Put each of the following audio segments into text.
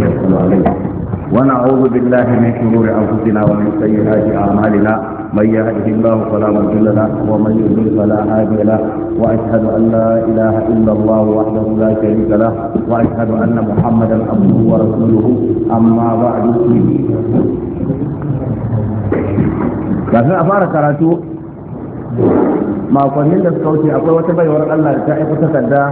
يحصل عليه ونعوذ بالله من شرور انفسنا ومن سيئات اعمالنا من يهده الله فلا مضل له ومن يضلل فلا هادي له واشهد ان لا اله الا الله وحده لا شريك له واشهد ان محمدا عبده ورسوله اما بعد kafin a fara karatu makonnin da suka wuce akwai wata baiwar Allah da ta aiko takarda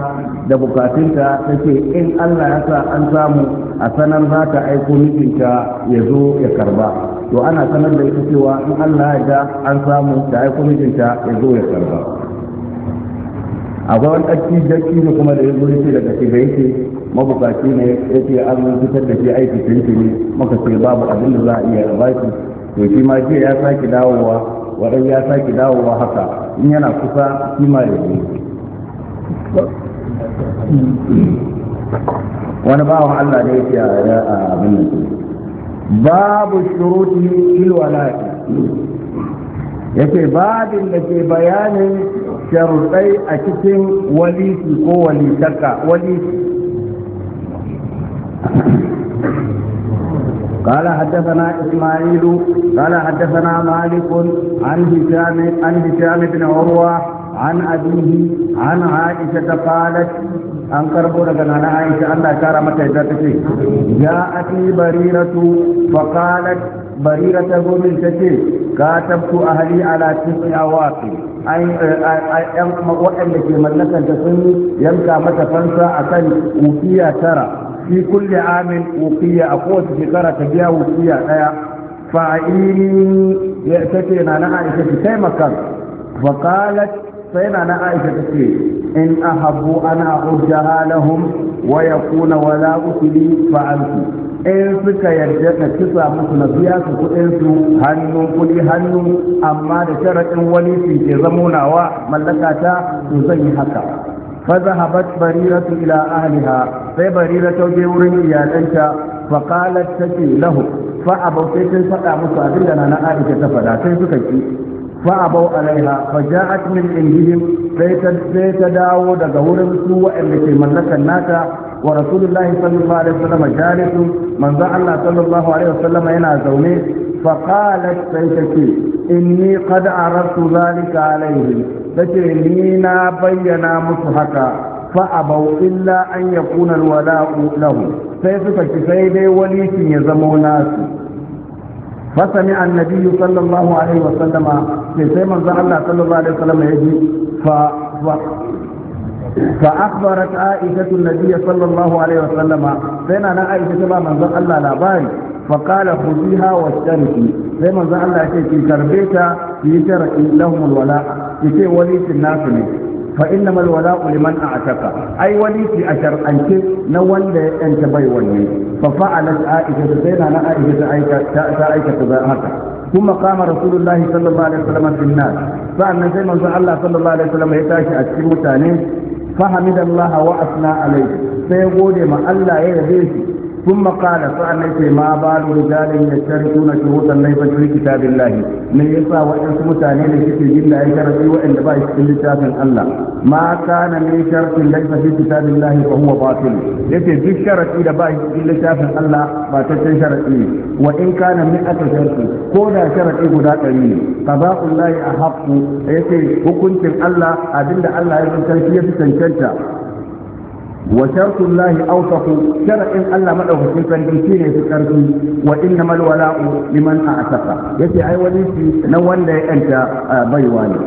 da bukatunta ta ce in Allah ya sa an samu a sanar za ta aiko mijinta ya zo ya karba to ana sanar da ita cewa in Allah ya ga an samu ta aiko mijinta ya zo ya karba akwai wani ɗaki jaki ne kuma da ya zo yake daga shiga yake mabukaci ne ya ce an fitar da shi aiki tunki ne maka ce babu abin da za a iya ba shi to shi ma jiya ya sake dawowa waɗanda ya sake dawowa haka in yana kusa shi ma ya zo wani bawan Allah da yake a abin nan babu shuruti fil wala'i yake babin da ke bayanin sharuɗai a cikin walisi ko walisaka walisi قال حدثنا إسماعيل قال حدثنا مالك عن هشام عن هشام بن عروة عن أبيه عن عائشة قالت an karbo daga nana Aisha Allah kara mata yadda tace ya ati bariratu fa qalat barirata gumin tace ka tabtu ahli a tis'i awaqi ai ai waɗanda ke mallakarta sun yanka mata fansa akan ukiya tara fi kulli amin ukiya a kowace shekara ta biya ukiya daya fa'ini ya tace nana Aisha ki taimaka fa qalat sai na na aisha ta ce in ahabbu ana ujjaha lahum wa yakuna wala usli fa'altu in suka yarda ka kisa musu na biya kuɗin su hannun kuɗi hannu amma da sharaɗin wani su ke zamunawa mallaka ta to zan yi haka فذهبت بريرة إلى أهلها في بريرة جور يا فقالت تشي له فأبوا سيتن فقع مصابين لنا أنا آئشة فلا سيتكي fa'abau alaiha fa ja'at min indihim sai ta sai ta dawo daga wurin su wa'anda ke mallakan nata, wa rasulullahi sallallahu alaihi wasallam jalisu manzo Allah sallallahu alaihi wasallam yana zaune fa qalat sai ta ce inni qad arattu zalika alaihi sai ni na bayyana musu haka fa'abau illa an yakuna alwala'u lahu sai suka ci sai dai walisin ya zamo nasu فسمع النبي صلى الله عليه وسلم لسيما زعل الله صلى الله عليه وسلم يجي ف... ف... فأخبرت عائشة النبي صلى الله عليه وسلم سينا أنا عائشة ما من زعل الله لاباري فقال خذيها واشتركي سيما زعل الله شيء في تربيتها في شرعي لهم الولاء في ولي الناس منه fa inna mal wala'u liman a'taka ai wani waliki a shar'ance na wanda ya yanta bai wanne fa fa'alat aisha sai na aisha ta aika ta aika ta haka kuma kama rasulullahi sallallahu alaihi wasallam fil nas sa'annan sai manzo Allah sallallahu alaihi wasallam ya tashi a cikin mutane fa hamidallahi wa asna alaihi sai gode ma Allah ya yabe shi ثم قال فأنيت ما بال رجال يشترطون شروطا ليس في كتاب الله من يسعى وإن سمتاني لشكل جل أي شرطي وإن لبا يشكل كتاب الله ما كان من شرط ليس في كتاب الله فهو باطل يتي في شرط إذا با يشكل كتاب الله ما تشكل شرطي وإن كان مئة شرط كودا شرطي قدا قليل قضاء الله أحق يتي حكمت الله أدل الله يشكل كتاب wa shartu llahi awsaqu shar'in Allah madaukakin sarki shine su ƙarfi, wa innamal wala'u liman a'taqa yace ai wani shi na wanda ya yanta baiwa ne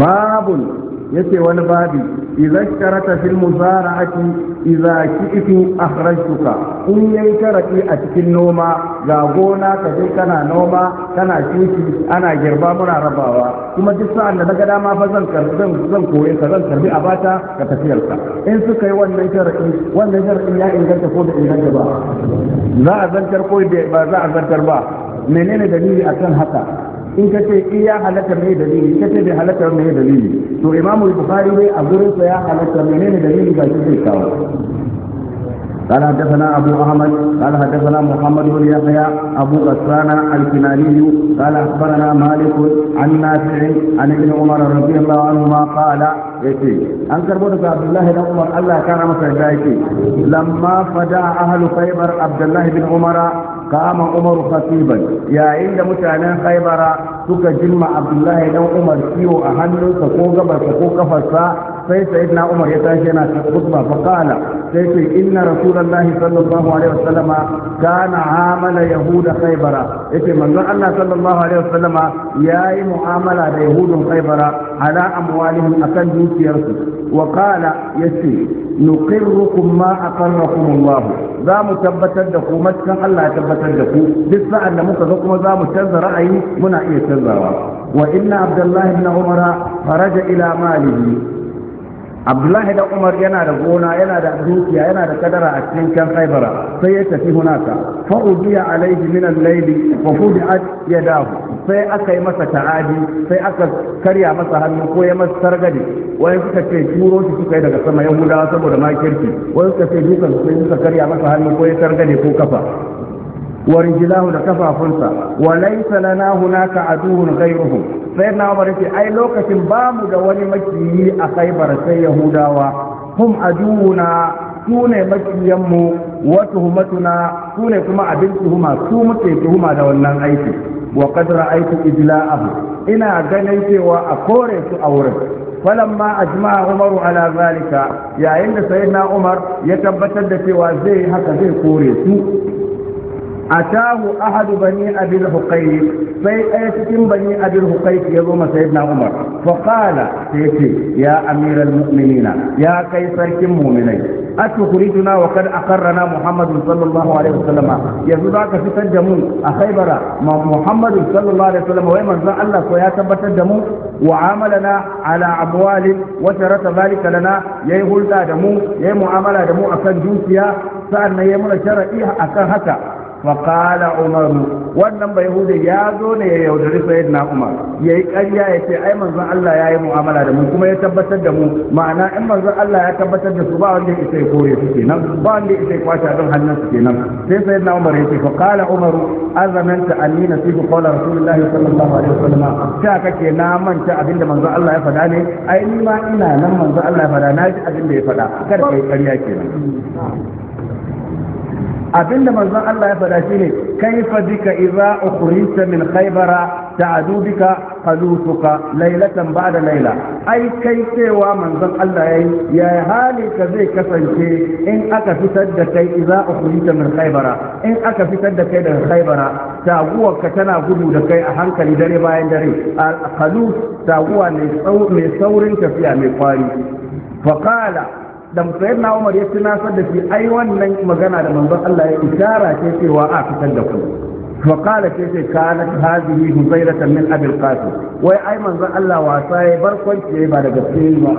babun yace wani babi idza karata fil muzara'ati idza ki'itu akhrajtuka in yayi karaki a cikin noma ga gona ka je kana noma kana shuki ana girba muna rabawa kuma duk sa'an da daga dama fa zan karbi zan koye ka zan karbi a bata ka tafiyar ka in suka yi wannan karaki wannan karaki ya inganta ko da inganta ba za a zantar ko ba za a zantar ba menene dalili akan haka in ka ce in ya halatta mai dalili ka ce bai halatta mai dalili to imamu bukhari ne a gurin sa ya halatta mai ne dalili ga shi zai kawo قال حدثنا أبو أحمد قال حدثنا محمد بن يحيى أبو غسان الكناني قال أخبرنا مالك عن نافع عن ابن عمر رضي الله عنهما قال يتي أن كربونك عبد الله بن عمر الله كان مسجد لما فدع أهل خيبر عبد الله بن عمر kama umar khatiban yayin da mutanen haibara suka jimma abdullahi dan umar ciwo a hannunsa ko gabarsa ko kafarsa sai sayyidina umar ya tashi yana khutba fa qala sai ce inna rasulullahi sallallahu alaihi wasallama kana amala yahuda khaybara yace manzon Allah sallallahu alaihi wasallama yayi mu'amala da yahudun khaybara a amwalihim akan dukiyarsu Wakala qala yace nuqirrukum ma aqarrakum Allah za mu tabbatar da ku matakan Allah ya tabbatar da ku duk sa'an da muka ga kuma za mu canza ra'ayi muna iya canzawa wa inna abdullahi ibn umara faraja ila malihi abdullahi da umar yana da gona yana da dukiya yana da kadara a cikin kan khaibara sai ya tafi hunaka udiya alayhi min al-layli wa fudiat yadahu sai aka yi masa ta'adi sai aka karya masa hannu ko ya masa sargade wai suka ce turo shi suka yi daga sama yahudawa saboda makirki wai suka ce dukan sai suka karya masa hannu ko ya sargade ko kafa wa rijlahu da kafafunsa wa laysa lana hunaka aduwwun ghayruhu sai na umar ce ai lokacin bamu da wani makiyi a khaybar sai yahudawa hum aduwuna su ne makiyanmu wa tuhumatuna su ne kuma abin tuhuma su muke tuhuma da wannan aiki wa aiki ra'aytu idla'ahu ina ganin cewa a kore su a wurin فلما اجمع عمر على ذلك يا عند سيدنا عمر يتبتد haka zai kore su. atahu ahadu bani abil huqayq sai ɗaya cikin bani abil huqayq ya zo masa sayyidina umar fa qala sai yace ya amiral mu'minina ya kai sarkin mu'minai atukhrijuna wa kad aqarrana muhammadu sallallahu alaihi wasallama yanzu zaka fi da mu a khaybara ma muhammadu sallallahu alaihi wasallama wai ya tabbatar da mu wa na ala amwalin wa tarata zalika lana yayi hulɗa da mu yayi mu'amala da mu akan dukiya sa'an na yayi mana sharadi akan haka فقال عمر wannan bai hude ya zo ne ya yaudari sayid na umar ya yi ƙarya ya ce ai manzon Allah ya yi mu'amala da mu kuma ya tabbatar da mu ma'ana in manzon Allah ya tabbatar da su ba wanda ya isa kore su kenan ba wanda ya isa kwashe abin hannun su kenan sai sayid na umar ya ce fa qala umar azananta anni nasibu qala rasulullahi sallallahu alaihi wasallam ta kake na manta abinda manzon Allah ya faɗa ne ai ni ma ina nan manzon Allah ya faɗa na ji abinda ya faɗa kada kai ƙarya kenan abinda manzon Allah ya faɗa shine fa bika Iza ukhrita min khaybara ta'adu bika qalusuka laylatan ba'da layla ai kai cewa manzon Allah yayi ya hali ka zai kasance in aka fitar da kai Iza ukhrita min khaybara in aka fitar da kai daga khaybara taguwar ka tana gudu da kai a hankali dare bayan dare A qalus taguwa mai saurin tafiya mai kwari faqala da musayar na umar ya fi nasar da shi ai wannan magana da manzon Allah ya isara ke a fitar da ku fa qala ke ce kana hazihi huzairatan min abil qasim wai ai manzon Allah wasa ya barkwanci ba da gaske ba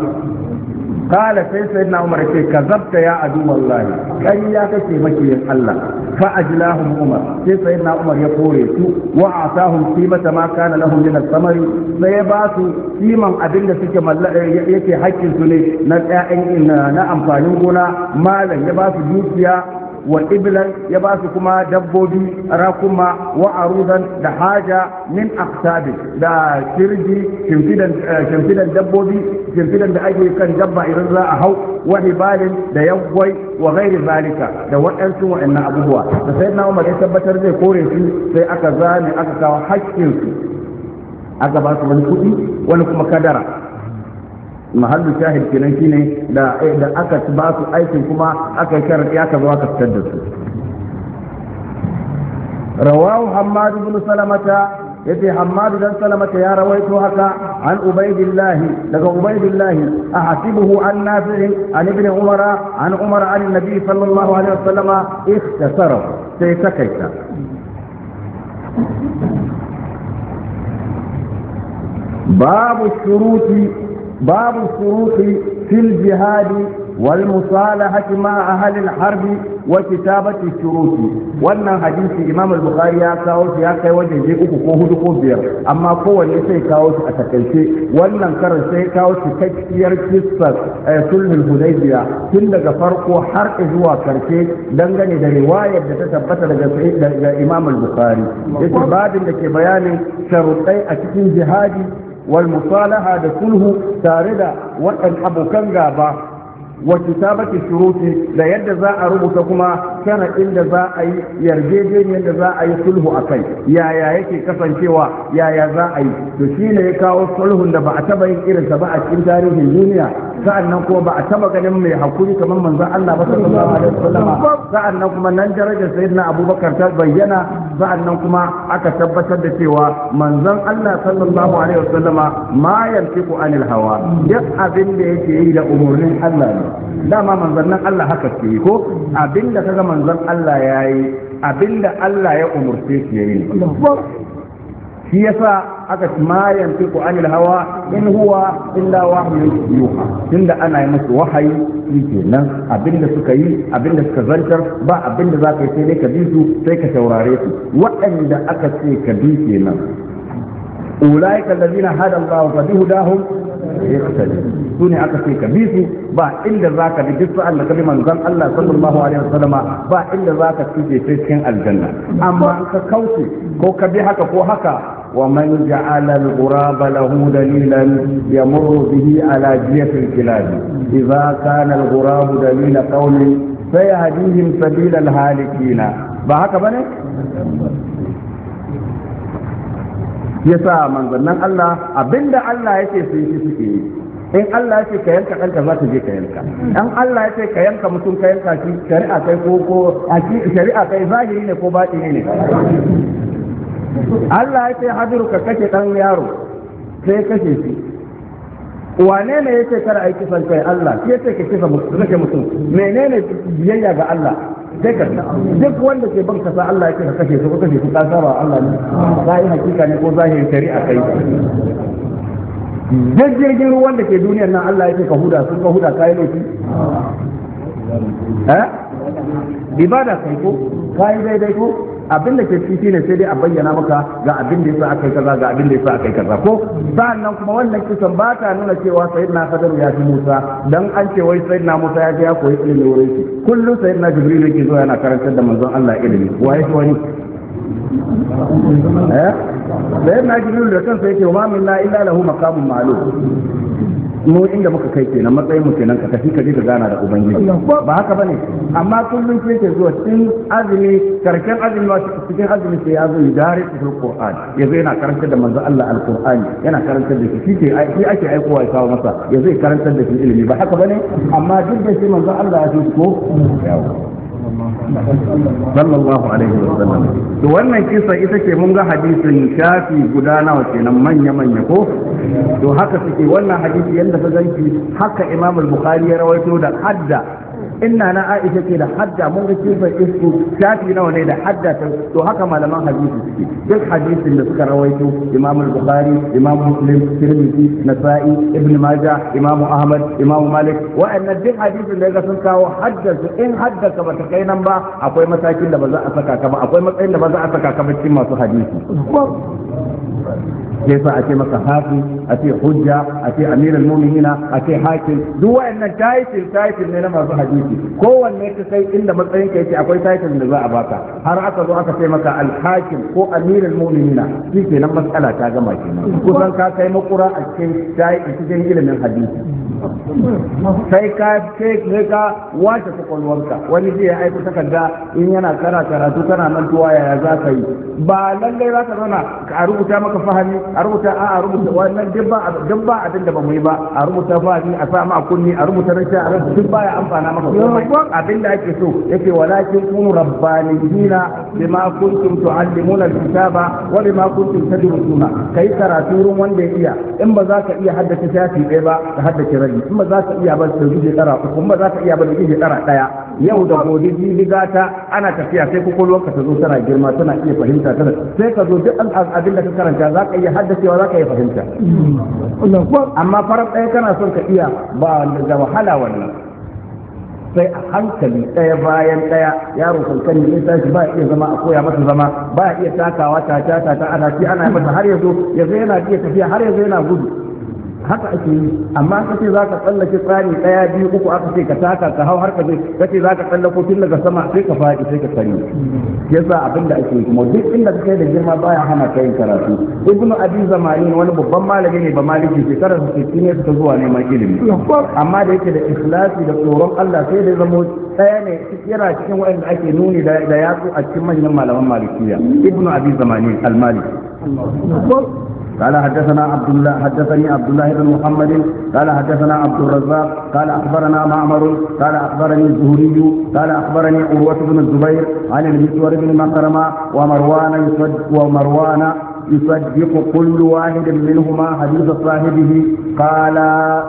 kala sai sai na umar ce kazabta ya abu wallahi kai ya kace maki ya Allah fa ajlahum umar sai sai na ya kore su wa atahum qimata ma kana lahum min samari sai ba su siman abinda suke mallaka eh, yake hakkin su ne na na amfanin gona malam ya ba su dukiya wa ya ba su kuma dabbobi rakuma wa arudan da haja min aksabi da kirji eh, shimfidan dabbobi shimfidan da ake kan dabba idan za a hau wa hibalin da yaggwai wa gairi zalika da waɗansu waɗannan abubuwa da sai na umar ya tabbatar zai kore su sai aka zane aka kawo haƙƙinsu aka ba su wani kuɗi wani kuma kadara mahallu shahid kenan shine da eh, da aka ba su aikin kuma aka yi sharadi aka zo aka fitar da su rawahu hammad ibn salamata yace hammad dan salamata ya rawaito haka an ubaidillah daga ubaidillah ahasibuhu an nafi' an ibn umara an umara an nabi sallallahu alaihi wasallama ikhtasara sai takaita babu shuruti باب الشروط في الجهاد والمصالحة مع أهل الحرب وكتابة الشروط وأن حديث إمام البخاري يا كاوش يا كاي وجه جي أكو كوهد كوبير أما قوة لسي كاوش أتكلشي وأن انكر سي كاوش تكتير كسة سلم الهديبية تلقى فرق حرق هو كرشي دنغني دا رواية تتثبت لإمام البخاري يتبادل لك بيان شروطي أكتين جهادي wal musalaha da sulhu tare da waɗan abokan gaba wa kitabati shuruti da yadda za a rubuta kuma sharaɗin inda za a yi yarjejeniyar da za a yi sulhu a kai yaya yake kasancewa yaya za a yi to shine ya kawo sulhun da ba a taba yin irinsa ba a cikin tarihin duniya nan kuma ba a taba ganin mai hakuri kamar manzon Allah ba sallallahu alaihi wasallam nan kuma nan darajar sayyidina Abubakar ta bayyana nan kuma aka tabbatar da cewa manzon Allah sallallahu alaihi wasallama ma yantiqu anil hawa duk abin da yake yi da umarnin Allah ne dama manzannin Allah haka ke ko abin da kaga manzon Allah yayi abin da Allah ya umurce shi yayi shi yasa aka ma ku anil hawa in huwa illa wahyun yuha tunda ana yi musu wahayi kenan abinda suka yi abinda suka zantar ba abinda za ka yi sai dai ka bi su sai ka saurare su waɗanda aka ce ka bi kenan ulaika allazina hada Allah fa bihudahum yaqtadi sune aka ce ka bi su ba inda za ka bi duk sa'an da ka bi manzon Allah sallallahu alaihi wasallama ba inda za zaka tuje sai cikin aljanna amma ka kauce ko ka bi haka ko haka ومن جعل الغراب له دليلا يمر به على جهة الكلاب إذا كان الغراب دليل قوم فيهديهم سبيل الهالكين بهك بني yasa manzannin Allah abinda Allah yake su yi suke yi in Allah yake ka yanka kanka za ta je ka yanka in Allah yake ka yanka mutum ka yanka shi kai ko ko kai zahiri ne ko batini ne Allah ya ce hajjuru ka kashe ɗan yaro sai kashe shi wane ne ya kar a yi kisan kai Allah shi ce ka kisa kashe mutum ne biyayya ga Allah sai ka duk wanda ke ban kasa Allah ya ce ka kashe su ka kashe su ka saba Allah ne yi hakika ne ko zahirin shari'a kai duk jirgin ruwan da ke duniyar nan Allah ya ce ka huda sun ka huda kai laifi eh? ibada kai ko kai daidai ko abin da ke ciki ne sai dai a bayyana maka ga abin da yasa aka yi kaza ga abin da yasa aka yi kaza ko sa'annan kuma wannan kisan ba ta nuna cewa sayyidina Khadijah ya fi Musa dan an ce wai sayyidina Musa ya je ya koyi ilimi wurin shi kullum sayyidina Jibril yake zuwa yana karantar da manzon Allah ilimi waye wani eh sayyidina Jibril da kansa yake wa ma ilaha illa lahu maqamun ma'lum mu inda muka kai kenan matsayin mu kenan ka tafi ka je ka gana da ubangiji ba haka bane amma kullum sai ke zuwa cikin azumi karshen azumi wa cikin azumi sai ya zo idare cikin qur'an yazo yana karanta da manzo Allah Alkur'ani yana karanta da shi ke shi ake aikowa ya kawo masa yazo ya karanta da shi ilimi ba haka bane amma duk da shi manzo Allah ya ko sallallahu alaihi wasallam to wannan kisa ita ce mun ga hadisin shafi guda nawa kenan manya manya ko to haka suke wannan hadisi yanda ka ganki haka Imam bukhari ya rawaito da hadda inna na Aisha ke da hadda mun ga kifar isku shafi nawa ne da hadda ta to haka malaman hadisi suke duk hadisin da suka rawaito Imam Bukhari Imam Muslim Tirmidhi Nasa'i Ibn Majah Imam Ahmad Imam Malik wa'annan duk hadisin da ga sun kawo hadda su in hadda ka bata kai nan ba akwai matakin da ba za a saka ka ba akwai matsayin da ba za a saka ka ba cikin masu hadisi sai sa a ce masa hafi a ce hujja a ce amirul mu'minina a ce hakim duk wa'annan tayyitin tayyitin ne na masu hadisi musulunci kowanne ka kai inda matsayin ka yake akwai title da za a baka har aka zo aka sai maka al-hakim ko amirul mu'minina shi kenan matsala ta gama kenan kusan ka kai makura a cikin cikin ilimin hadisi sai ka sai ka wace kwakwalwarka wani zai aiko takarda in yana kara karatu kana mantuwa yaya za ka yi ba lallai za ka zauna a rubuta maka fahimi a rubuta a rubuta wannan duk ba abin da ba mu yi ba a rubuta fahimi a sa ma kunni a rubuta rashin a duk baya amfana maka komai abin da ake so yake walakin kunu rabbaniyina bima kuntum tuallimuna alkitaba wa bima kuntum tadrusuna kai karatu wurin wanda ya iya in ba za ka iya haddace shafi ɗaya ba ka haddace rabi in ba za ka iya ba ka juje tsara uku in ba za ka iya ba ka juje tsara ɗaya yau da gobe jibi gata ana tafiya sai kwakwalwarka ta zo tana girma tana iya fahimta tana sai ka zo duk abin da ka karanta za ka iya haddacewa za ka iya fahimta amma farar ɗaya kana son ka iya ba da wahala wannan sai a hankali ɗaya bayan ɗaya yaro kankani in tashi ba iya zama a koya masa zama ba iya takawa ta ta ta ana shi ana masa har yanzu yanzu yana iya tafiya har yanzu yana gudu haka ake yi amma kace za ka tsallake tsari ɗaya biyu uku aka ce ka taka ka hau har ka je za ka tsallako tun daga sama sai ka faɗi sai ka tsari yasa abin da ake yi kuma duk inda kai da girma baya hana ka yin karatu ibnu abi zamani wani babban malami ne ba maliki shekarar 60 ne suka zuwa neman ilimi amma da yake da ikhlasi da tsoron Allah sai da zamo Ɗaya ne yana cikin waɗanda ake nuni da yatsu a cikin manyan malaman malikiya ibnu abi zamani al-maliki قال حدثنا عبد الله حدثني عبد الله بن محمد قال حدثنا عبد الرزاق قال اخبرنا معمر قال اخبرني الزهري قال اخبرني عروه بن الزبير عن المسور بن مكرمه ومروان ومروان يصدق كل واحد منهما حديث صاحبه قال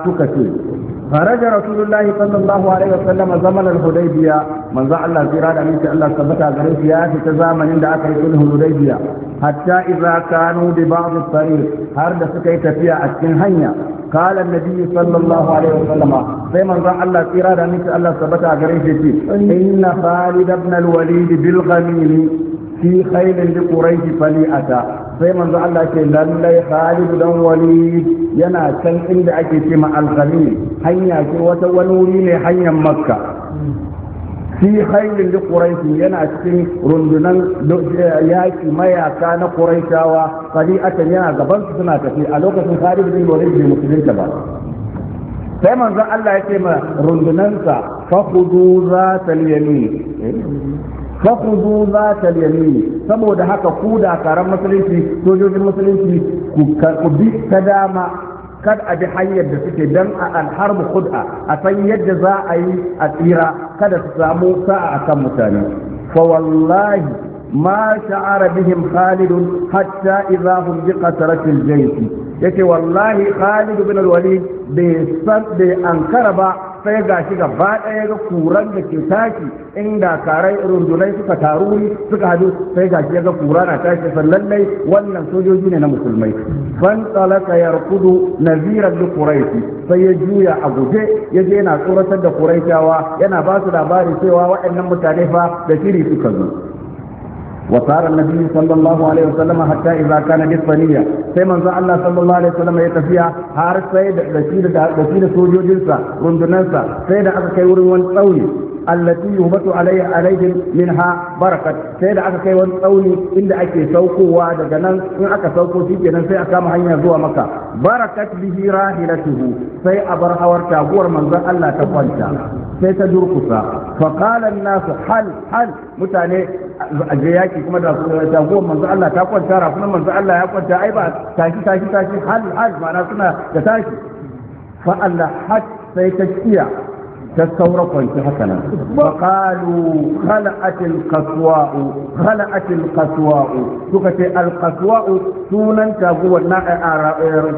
تكتب خرج رسول الله صلى الله عليه وسلم زمن الحديبية من ذا الله زيرا من الله ثبت غريب يا تزامن عند أكل الحديبية حتى إذا كانوا ببعض الطريق هرد سكي تفيا أتكن هنيا قال النبي صلى الله عليه وسلم في من ذا الله زيرا من الله ثبت غريب إن خالد بن الوليد بالغميم في خيل لقريش فليأتا sai manzo Allah ke lallai Khalid dan Walid yana can inda ake ce ma al-Ghamim hanya ce wata wani wuri ne hanyar Makka fi khairin da Quraishi yana cikin rundunan eh, yaki mayaka na Quraishawa qali'atan yana gaban su suna tafi a lokacin Khalid bin Walid bai musulunta ba sai manzon Allah ya ce ma rundunansa fa khudu zatal yamin eh? fakuzu za ta yamini saboda haka ku dakaran musulunci sojojin musulunci ku bi ta dama kad a bi hanyar da suke dan a alharbu khud'a a san yadda za a yi a tsira kada su samu sa'a akan mutane fa wallahi ما شعر بهم خالد حتى إذا wallahi بقطرة الجيش يتي والله خالد بن الوليد بسد أنكر sai ga shi gaba ɗaya ga kuran da ke tashi inda karai rundunai suka taru suka hadu sai ga shi ga kura na tashi sannan dai wannan sojoji ne na musulmai ban tsalaka ya rukudu naziran da sai ya juya a guje ya je yana tsoratar da kuraitawa yana ba su labari cewa waɗannan mutane fa da shiri suka zo وصار النبي صلى الله عليه وسلم حتى إذا كان بالصينية سيما زع الله صلى الله عليه وسلم يتفيها حارس سيد بشير بشير سوجو جنسا رندنسا سيد أبكي ورون قوي allati yubatu alayhi alaihim minha barakat sai da aka kai wani tsauni inda ake saukowa daga nan in aka sauko shi kenan sai a kama hanya zuwa maka barakat bihi rahilatuhu sai a bar hawar taguwar manzon Allah ta kwanta sai ta durkusa fa qala an-nas hal hal mutane a je yaki kuma da taguwar manzon Allah ta kwanta ra kuma manzon Allah ya kwanta ai ba tashi tashi tashi hal hal ma'ana suna da tashi fa Allah hat sai ta kiya تستورى كنت حسنا فقالوا خلعت القسواء خلعت القسواء سكت القسواء سونا تابوا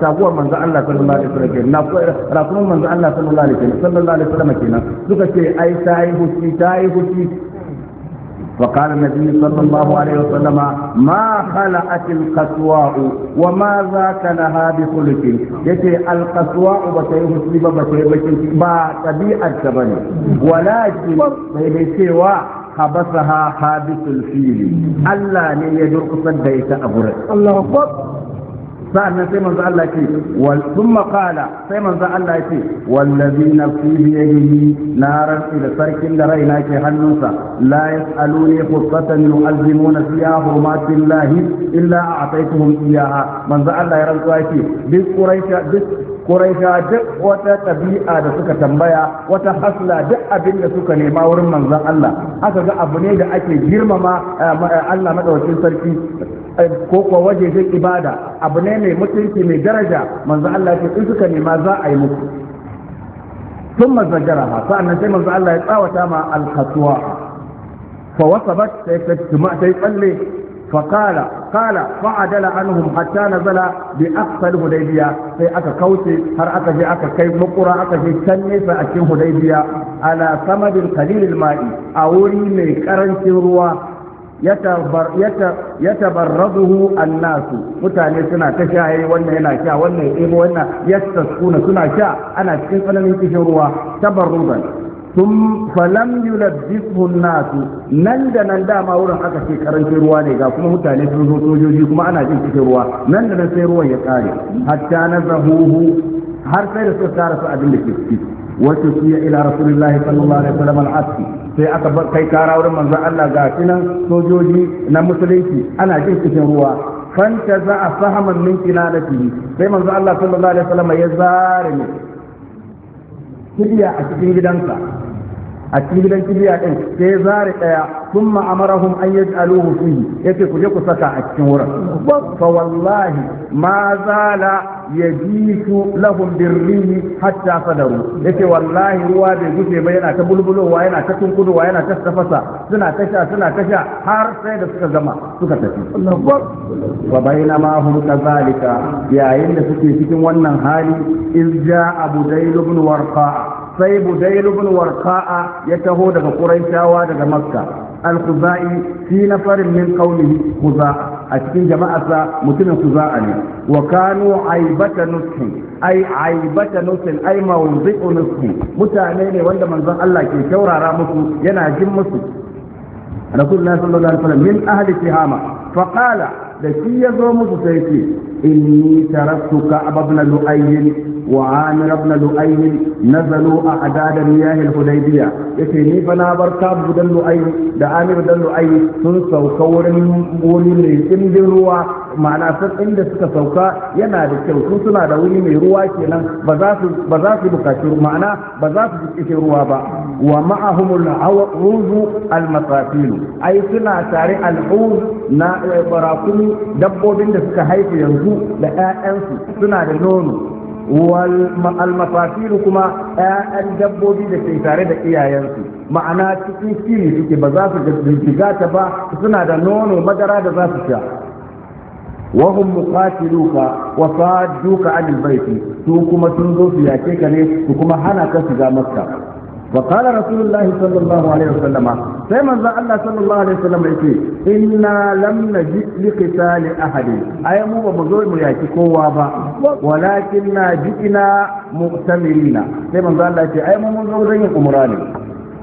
تابوا من الله صلى الله عليه وسلم رسول من الله صلى الله عليه وسلم صلى الله عليه وسلم كنا سكت أي تاي هسي تاي هسي فقال النبي صلى الله عليه وسلم ما خلعت القسواء وما ذاك لها بخلق يتي القسواء بتي مسلمة بتي بتي با طبيعة بني ولكن بيسيوا حبسها حادث الفيل الله ne ya durkusar da ita a gurin. Allah sa'annan sai manzo Allah ce wal thumma qala sai manzo Allah ce wallazi nafsi bi yadihi naran ila sarkin da raina ke hannunsa la yasaluni khussatan yu'azzimuna fiha hurmati illa a'taytuhum iyyaha manzo Allah ya rantsuwa ce duk quraisha Quraisha duk wata tabi'a da suka tambaya wata hasla duk abin da suka nema wurin manzon Allah haka ga abu ne da ake girmama eh, eh, Allah madaukakin sarki eh, ko kuwa zai ibada abu ne mai mutunci mai daraja manzon Allah ce in suka nema za a yi muku ثم زجرها فأنا سيما الله يتعاوى تاما الخطوة فوصبت سيتجمع سيتقلي فقال قال فعدل عنهم حتى نزل بأقصى الهديبية في أكا كوتي هر أكا جي أكا كي مقرى أكا جي سنة فأكين هديبية على ثمد قليل الماء أولي من كرنش الروا يتبر يت يتبرده الناس mutane suna ta shaye wannan yana sha wannan ya ɗebo wannan yastasquna suna sha ana cikin tsananin kishin ruwa tabarruban sun falam yulabbithun nasu nan da nan dama wurin aka ce karancin ruwa ne ga kuma mutane sun zo sojoji kuma ana jin cikin ruwa nan da nan sai ruwan ya kare hatta zahuhu har sai da suka tara su abin da ke ciki wato su ya ila rasulullahi sallallahu alaihi wasallam al hasbi sai aka kai kara wurin manzon Allah ga kinan sojoji na musulunci ana jin cikin ruwa fanta za a fahaman min kinanatihi sai manzo Allah sallallahu alaihi wasallam ya zare ne kidiya a cikin gidansa a cikin gidan kibiya din sai ya zare daya thumma amarahum an yaj'aluhu fihi yace ku je ku saka a cikin wurin fa wallahi ma zala yajitu lahum birrihi hatta sadaru yace wallahi ruwa bai gushe ba yana ta bulbulowa yana ta tunkudowa yana ta tafasa suna tasha suna tasha har sai da suka gama suka tafi wa bainama hum zalika, yayin da suke cikin wannan hali iz ja'a budayl ibn warqa sai budayl ibn warqa'a ya taho daga quraishawa daga makka al-khuzai fi nafarin min qawlihi khuza'a a cikin jama'arsa mutumin khuza'a ne wa kanu aibata nushin ai aibata nushin ai mawdi'u mutane ne wanda manzon Allah ke taurara musu yana jin musu رسول الله صلى الله عليه وسلم من أهل تهامة فقال لكي يزوم سيتي إني تركت كعب بن لؤي وعامر بن لؤي نزلوا أعداد مياه الحديبية يتيني فنا بركاب بن لؤي دا بن لؤي سنسوا كور مولي لإنجروا ma'ana sun inda suka sauka yana da kyau sun suna da wuri mai ruwa kenan ba za su ba za su bukaci ma'ana ba za su bukaci ruwa ba wa ma'ahumul awruzu almasafin ai suna tare al'uz na barakun eh, dabbobin da suka haifu yanzu da su suna da nono kuma كما dabbobi da ke tare da iyayensu ma'ana cikin shiri suke ba za su shiga ta ba suna da nono madara da za su sha وهم مقاتلوك وصادوك عن البيت سوكما تنظر في ياكيك ليه سوكما حنا كسجا مكة وقال رسول الله صلى الله عليه وسلم سيما ذا الله صلى الله عليه وسلم يقول إنا لم نجئ لقتال أحد أي مو بمزوي مياكي وابا ولكننا جئنا مؤتمرين سيما ذا الله يقول أي مو بمزوي أمراني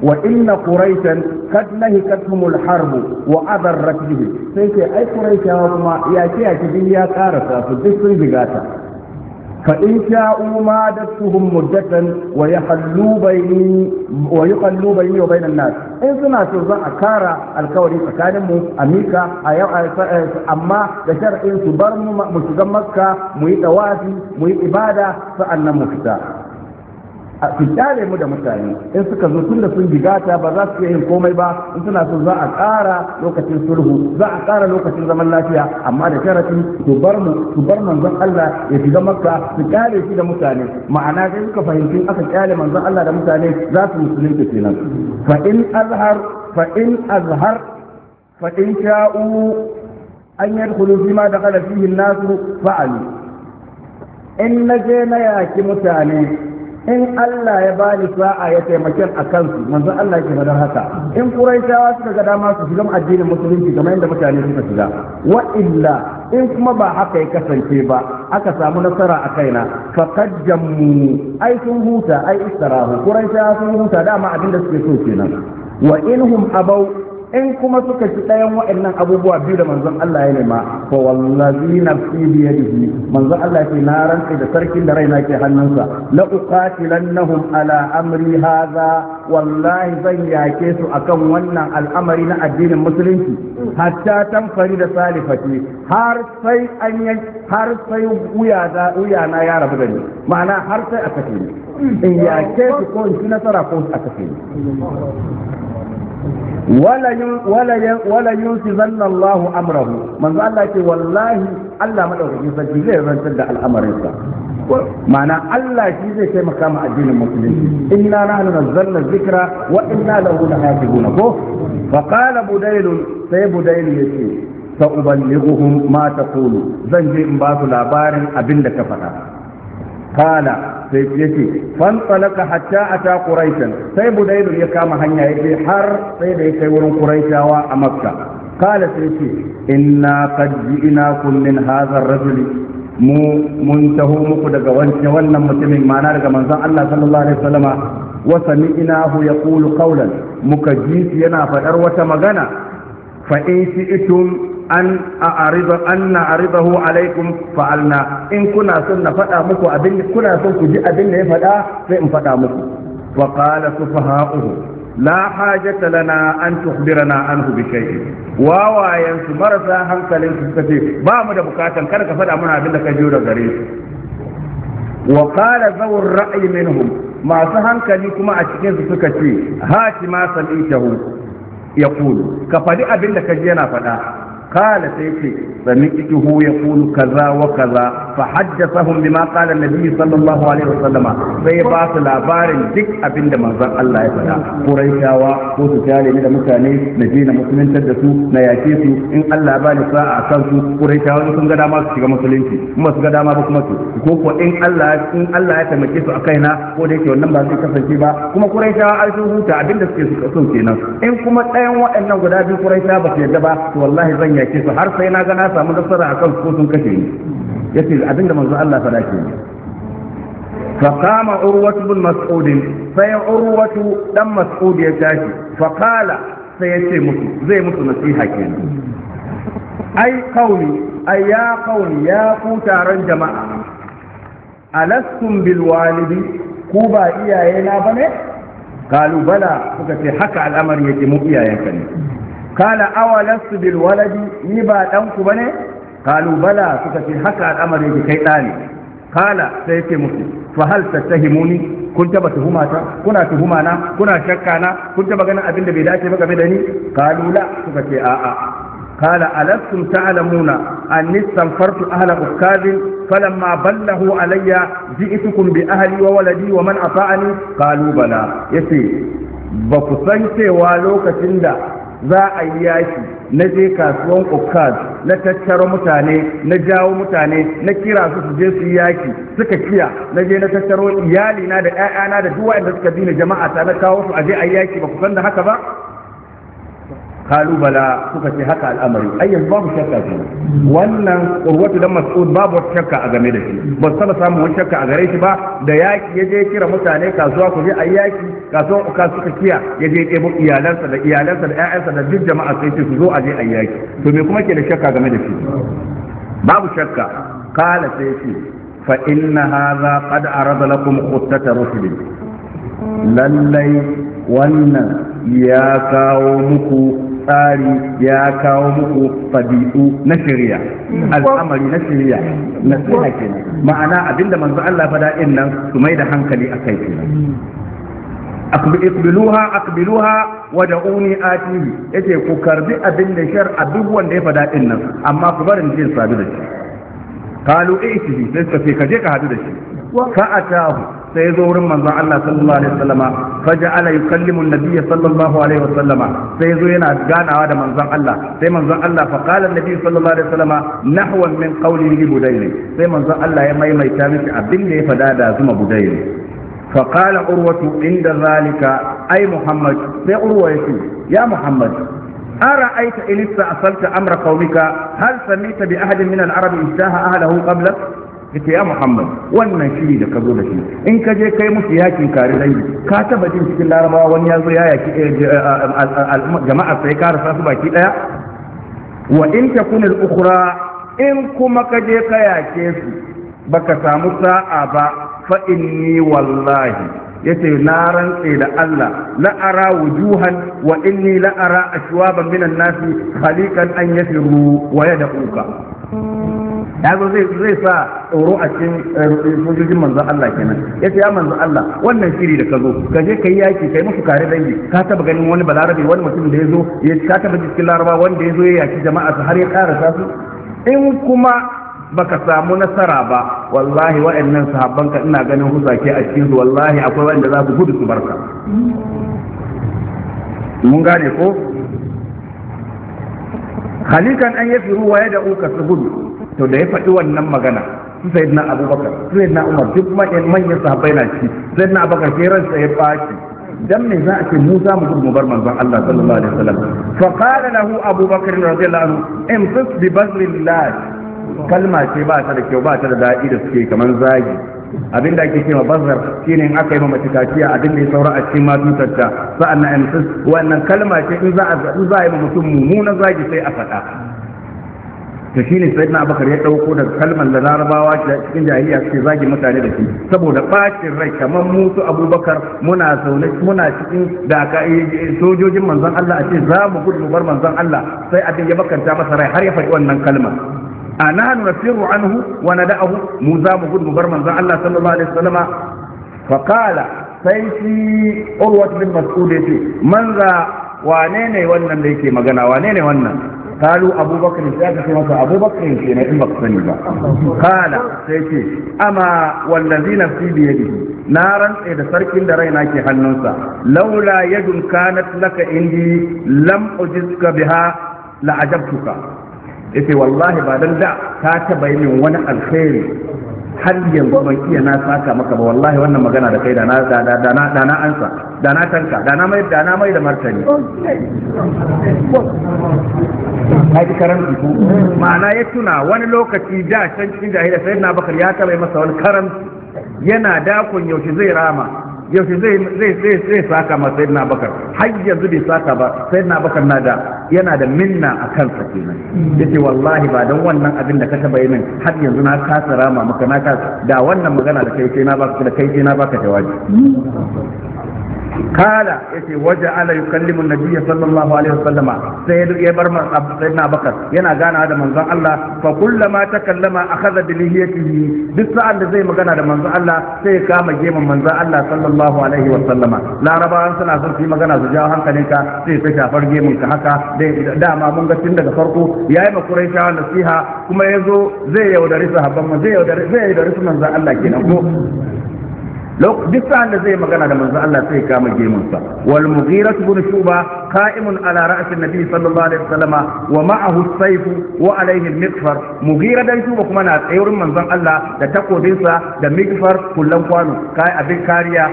وإن قريشا قد نهكتهم الحرب وأضرت به سيكي أي قريشا وما يأتي أتبه يا كارثة فالدسر بغاتا فإن شاءوا مادتهم مدة ويحلوا بيني ويقلوا بيني وبين الناس إن سنا ترضى أكارا الكوري فكانمو أميكا أما لشرع سبرم مشغمكا ميت واسي ميت إبادة فأنا مفتاح a kyale mu da mutane in suka zo tun da sun jigata ba za su iya yin komai ba in suna so za a ƙara lokacin sulhu za a ƙara lokacin zaman lafiya amma da sharafi su bar mu su bar manzon Allah ya shiga makka su kyale shi da mutane ma'ana sai suka fahimci aka kyale manzon Allah da mutane za su musulunta kenan fa in azhar fa in azhar fa in sha'u an yadkhulu fi ma dakhala fihi an-nas fa'alu in naje na yaki mutane in Allah ya bani sa'a ya taimake a kansu manzo Allah yake fadar haka in Quraishawa suka ga dama su shiga addinin musulunci kamar yadda mutane suka shiga wa illa in kuma ba haka ya kasance ba aka samu nasara a kaina faqad jammu ai sun huta ai istarahu Quraishawa sun huta dama abin da suke so kenan wa inhum abau in kuma suka ci ɗayan waɗannan abubuwa biyu da manzon Allah ya nema fa wallazi nafsi bi yadihi manzon Allah ke na rantsa da sarkin da raina ke hannunsa la uqatilannahum ala amri hadha wallahi zan yake su akan wannan al'amari na addinin musulunci hatta tanfari da salifati har sai an har sai wuya wuya na ya rabu da ni ma'ana har sai a kafe ni in yake su ko in ci nasara ko a kafe ni wala yin zanna Allahu amrahu manzo Allah ce wallahi Allah maɗaukakin sarki zai rantar da al'amarinsa ma'ana Allah shi zai taimaka ma addinin musulunci inna hannun nazzalna zikira wa inna lahu guna ko fa kala Budailu sai ce, yace sa uballighuhum mata taqulu zan je in ba su labarin abin da ka fata. kala sai ya ce fantalaka hatta ata quraishan sai budailu ya kama hanya yace har sai da ya kai wurin quraishawa a makka kala sai ce inna qad ji'nakum min hadha ar-rajul mun taho muku daga wancan wannan mutumin ma'ana daga manzon Allah sallallahu alaihi wasallama wa sami'nahu muka ji yana faɗar wata magana fa in shi'tum an a'arida an na'ridahu alaikum fa'alna in kuna son na faɗa muku abin kuna son ku ji abin da ya faɗa sai in faɗa muku wa qala sufaha'uhu la hajata lana an tukhbirana anhu bi shay'in wawayen su marasa hankalin su kace ba mu da bukatan kar ka faɗa mana abin da ka jiyo da gare su wa qala zawur ra'yi minhum masu hankali kuma a cikin su suka ce hati ma ya yaqulu ka faɗi abin da ka ji yana faɗa قال سيتي سمعته يقول كذا وكذا فحدثهم بما قال النبي صلى الله عليه وسلم sai ba su labarin duk abinda da manzon Allah ya faɗa Quraishawa ko su tare da mutane na je na musuluntar su na yake su in Allah ba ni sa'a a kan su Quraishawa sun ga dama su shiga musulunci kuma su ga dama ba kuma su ko in Allah ya taimake su a kaina ko da ba zai kasance ba kuma Quraishawa ai sun huta so kenan in kuma ɗayan waɗannan guda biyu Quraishawa ba su yarda ba to wallahi zan yake su har sai na ga na samu nasara a kan sun kashe ni yace abin da manzo Allah fada ke faqama urwatu bin mas'ud sai urwatu dan mas'ud ya tashi faqala sai ce mutu zai mutu nasiha kenan ai ai ya qauli ya ku taron jama'a alastum bil walidi ku ba iyayena bane kalu bala suka ce haka al'amari yake mu iyayen ka ne kala awalastu bil waladi ni ba dan bane kalu bala suka ce haka al'amari kai da ne kala sai yake musu fa hal tattahimuni kun taba tuhuma ta kuna tuhuma na kuna shakka na kun taba ganin abin da bai dace ba game da ni kalu suka ce a a kala alastum ta'lamuna anni sanfartu ahla ukadin falamma ballahu alayya ji'tukum bi ahali wa waladi wa man ata'ani kalu bala yace ba ku san cewa lokacin da za a yi yaki na je kasuwan ukkad na tattara mutane na jawo mutane na kira su su je su yi yaki suka kiya na je na tattaro iyalina da 'ya'yana da duk waɗanda suka bi jama'a ta na kawo su a je a yi yaki ba ku san da haka ba kalu bala suka ce haka al'amari ai yanzu babu shakka ce wannan urwatu dan mas'ud babu wata shakka a game da shi ba saba samu wata shakka a gare shi ba da yaki ya kira mutane kasuwa ku je ayi yaki kasuwa ka suka kiya ya je ɗebo iyalansa da iyalansa da ƴaƴansa da duk jama'a sai su zo a je ayi yaki to me kuma ke da shakka game da shi babu shakka kala sai ce fa inna hadha qad arada lakum khuttata rusul lallai wannan ya kawo muku tsari ya kawo muku fabi'u na shirya al'amari na shirya na sunna kenan ma'ana abinda manzo Allah fada din nan su mai da hankali akai kenan akbiluha akbiluha wa da'uni atihi yace ku karbi abin da shar abin wanda ya fada din nan amma ku barin jin sabi da shi kalu eh, sai ka je ka hadu da shi fa'atahu sai ya zo wurin manzon Allah sallallahu alaihi wasallama faja'ala yukallimu an-nabiy sallallahu alaihi wasallama sai ya zo yana ganawa da manzon Allah sai manzon Allah fa qala an-nabiy sallallahu alaihi wasallama nahwan min qawli li budayl sai manzon Allah ya maimaita miki abin da ya fada da zuma budayl fa qala urwatu inda zalika ay muhammad sai urwa yace ya muhammad أرأيت إن استأصلت أمر قومك هل سميت بأحد من العرب انتهى أهله قبلك yace ya Muhammad wannan shiri da ka zo da shi in ka je kai musu yakin kare dangi ka taba jin cikin larabawa wani ya zo ya yaki eh, eh, jama'a sai ka rasa su baki daya wa in ta al-ukhra in kuma ka je ka yake su baka samu sa'a ba fa inni wallahi yace na rantse da Allah la ara wujuhan wa inni la ara ashwaban minan nasi khaliqan an yasiru wa yad'uka ya zo zai sa tsoro a cikin eh, sojojin manzon Allah kenan ya ya manzon Allah wannan shiri da ka zo ka je kai yaki kai musu kare dangi ka taba ganin wani balarabe wani mutum da ya zo ya ka taba cikin laraba wanda ya zo ya yaki jama'a su har ya karasa su in kuma baka samu nasara ba wallahi wa'annan sahabban ka ina ganin husake a cikin su wallahi akwai wanda za su gudu su barka mun gane ko halikan an yafi ruwa ya uka su gudu to da ya faɗi wannan magana su sai na abubakar su sai na umar duk manyan sahabbai na ci sai na abubakar sai ransa ya ɓaci dan me za a ce mu za mu gudu mu bar manzon Allah sallallahu alaihi wasallam fa qala lahu abubakar radiyallahu anhu fis bi bazrillah kalma ce ba ta da kyau ba ta da daɗi da suke kamar zagi abin da ake cewa bazar shine in aka yi mace kaciya abin da ya saura a cikin matutarta sa'an na emsis wannan kalma ce in za a yi mutum mummunan zagi sai a faɗa to shine sayyidina Bakar ya dauko daga kalmar da larabawa cikin jahiliya suke zagi mutane da shi saboda bacin rai kamar mu su abubakar muna zaune muna cikin da eh, eh, sojojin manzon Allah a ce za mu gudu bar manzon Allah sai abin ya bakanta masa rai har ya faɗi wannan kalmar a nahanu nasiru anhu wa nada'ahu mu za mu gudu bar manzon Allah sallallahu alaihi wasallama faqala sai shi urwat bin mas'ud yace man za wane ne wannan da yake magana wane ne wannan قالوا أبو بكر سيادة مصر أبو بكر سينا إن بقصني قال سيكي أما والذي نفسي بيده نارا إذا سرك إن درينا كي حنوسا لولا يد كانت لك إني لم أجزك بها لعجبتك إذا والله بعد ذا كاتب من ونع الخير har yanzu ban iya na saka maka ba wallahi wannan magana da kai da na da da na da na ansa da na tanka da na mai da na mai da martani kai karamci ku ma'ana ya tuna wani lokaci da can cikin jahiliya sayyidina bakar ya tabai masa wani karamci yana dakon yaushe zai rama yaushe zai zai zai saka ma na bakar har yanzu bai saka ba na bakar na da yana da minna a kansa kenan yace wallahi ba dan wannan abin da ka taba yi min har yanzu na kasa rama maka na kasa da wannan magana da kai sai na baka da kai sai na baka jawabi kala yace waje ala yukallimu nabiyyi sallallahu alaihi wasallama sai ya bar sayyidina bakar yana ganawa da manzon Allah fa kullama ta kallama a akhadha da lihiyatihi duk sa'an da zai magana da manzon Allah sai ya kama geman manzon Allah sallallahu alaihi wasallama larabawan suna son su yi magana su jawo hankalinka sai sai shafar gemin ka haka dama mun ga tun daga farko ya yayi ma quraishawa nasiha kuma ya zo zai yaudari sahabban zai yaudari zai yaudari manzon Allah kenan ko duk sa'an da zai magana da manzon Allah sai kama gemun sa wal mughira ibn shuba qa'imun ala ra'si nabi sallallahu alaihi wasallama wa ma'ahu as-sayf wa alaihi al-miqfar mughira dan shuba kuma na tsayurin manzon Allah da takobin sa da miqfar kullan kwano kai abin kariya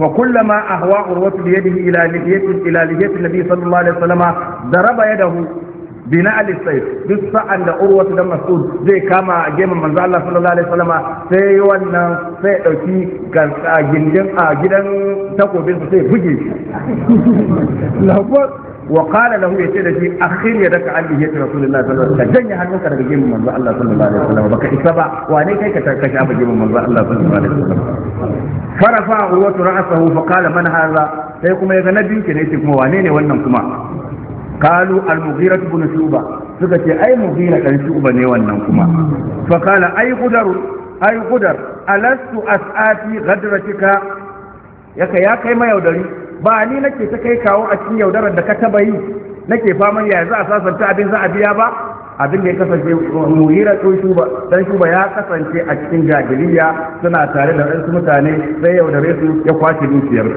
فكلما أهوى عروة بيده إلى لحية إلى لحية النبي صلى الله عليه وسلم ضرب يده bina alisai duk sa'an da urwatu dan mas'ud zai kama a gemin manzo Allah sallallahu alaihi wasallam sai wannan sai dauki gansa a gidan takobin sai buge shi lafaz wa qala lahu yace da shi akhir yadaka an bihi rasulullahi sallallahu alaihi wasallam janya hannunka daga gemin manzo Allah sallallahu alaihi wasallam baka isa ba wane kai ka tarka shi a gemin manzo Allah sallallahu alaihi wasallam farafa urwatu ra'sahu fa qala man hadha sai kuma ya na nabin ki ne kuma wane ne wannan kuma kalu al-mughira shuba suka ce ai mughira dan shuba ne wannan kuma fa kala ai qudar ai qudar alastu as'ati ghadratika ya kai mayaudari ba ni nake ta kai kawo a cikin yaudarar da ka taba yi nake faman ya za a sasanta abin za a biya ba abin da ya kasance muhira ko shuba dan shuba ya kasance a cikin jahiliya suna tare da wasu mutane sai yaudare su ya kwace dukiyar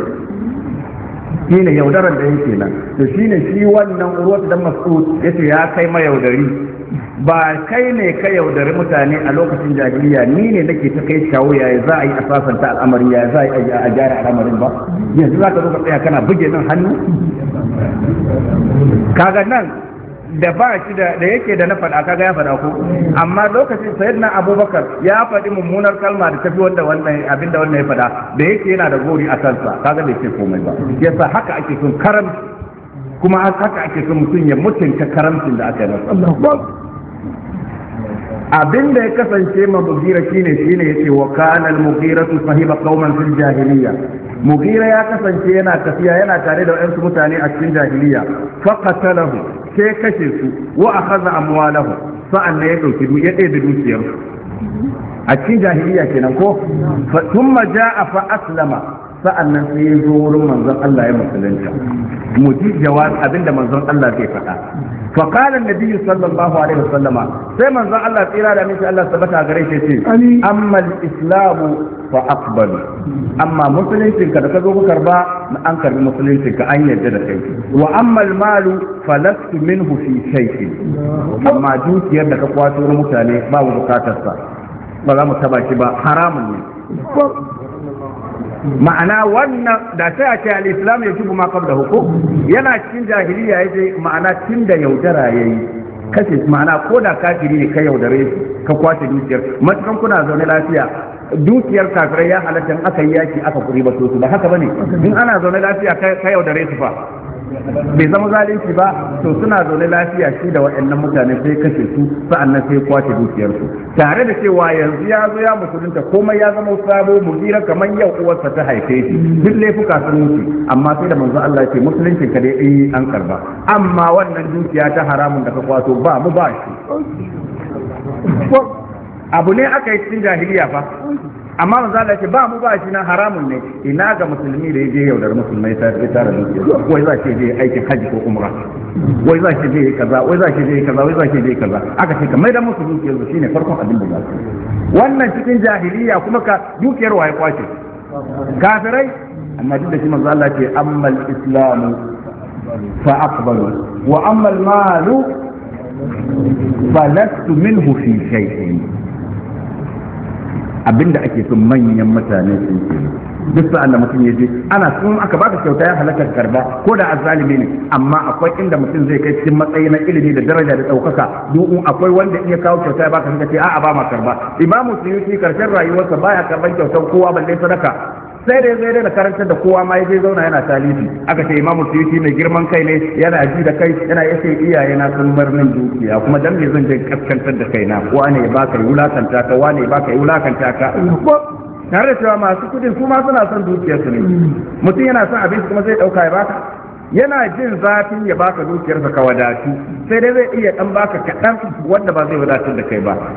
shine yaudaran da yake nan to shine shi wannan ruwan dan mas'ud yace ya kai ma yaudari ba kai ne ka yaudari mutane a lokacin jahiliya ni ne nake ta kai shawo ya za a yi asasanta al'amari ya za a yi a gyara al'amarin ba yanzu za ka zo ka tsaya kana buge nan hannu kaga nan da ba shi da yake da na faɗa kaga ya faɗa ko amma lokacin sayyidina abubakar ya faɗi mummunar kalma da tafi wanda wannan abin wannan ya faɗa da yake yana da gori a kansa kaga bai ce komai ba yasa haka ake son karam kuma haka ake son mutum ya mutunta karamcin da aka yi masa abin da ya kasance ma mugira shine ya ce wa kana al-mughiratu sahiba qauman fil jahiliya mugira ya kasance yana tafiya yana tare da wayansu mutane a cikin jahiliya fa qatalahu sai kashe su wa akhadha amwalahu sa'an ne ya dauki ya ɗebe dukiyar a cikin jahiliya kenan ko fa thumma ja'a fa aslama sa'an nan sai ya zo wurin manzon Allah ya musulunta mu ji jawab abinda manzon Allah zai faɗa فقال النبي صلى الله عليه وسلم سيما زن الله تيرا دا ميشي الله ثبت غري شي اما الاسلام فاقبل اما مسلمتك da ka zo ka karba an karbi musuluncinka an yarda da kai wa amma al falastu minhu fi amma dukiyar da ka kwato na mutane babu bukatarsa ba za mu shi ba haramun ne ma'ana wannan da sai a ce al-islam ya kibu ma qabla hukum yana cikin jahiliya yace ma'ana tun da yaudara yayi kace ma'ana ko da kafiri ne ka yaudare shi ka kwace dukiyar matukan kuna zaune lafiya dukiyar kafirai ya halatta aka yi yaki aka kuri ba su ba haka bane in ana zaune lafiya ka yaudare su fa bai zama zalunci ba to suna zaune lafiya shi da waɗannan mutane sai kashe su sa'an sa'annan sai kwace dukiyarsu tare da cewa yanzu ya zo ya musulunta komai ya zama sabo mugira kamar yau uwarsa ta haife shi duk laifuka sun wuce amma sai da manzo Allah ya ce musuluncin ka dai eh an karba amma wannan dukiya ta haramun da ka kwato ba mu ba shi abu ne aka yi cikin jahiliya fa amma manzo Allah ce ba mu ba shi na haramun ne ina ga musulmi da yaje yaudar musulmai ta ta tare dukiya wai za shi je aikin haji ko umra wai za shi je kaza wai za shi je kaza wai za shi je kaza aka ce kamar da musu dukiyar su shine farkon abin da za su wannan cikin jahiliya kuma ka dukiyar waye kwace kafirai amma duk da shi manzo Allah ce ammal islamu fa aqbalu wa ammal malu falastu minhu fi shay'in abinda ake son manyan mutane su yi duk sa'an da mutum ya je ana sun aka baka kyauta ya halaka karba ko da azalimi ne amma akwai inda mutum zai kai cikin matsayi na ilimi da daraja da ɗaukaka duk akwai wanda iya kawo kyauta ya baka sai ce a'a ba ma karba imamu suyuti karshen rayuwarsa baya karban kyautar kowa balle sadaka sai da zai daina karanta da kowa ma zai zauna yana talibi aka ce imamu suyuti mai girman kai ne yana ji da kai yana yake iyaye na sun bar nan dukiya kuma dan me zan je kaskantar da kaina wane ya baka wulakanta ka wane ya baka wulakanta ka tare da cewa masu kudin su ma suna son dukiyarsu ne mutum yana son abinci kuma zai dauka ya baka yana jin zafin ya baka dukiyarsa ka wadatu sai dai zai iya dan baka kaɗan wanda ba zai wadatar da kai ba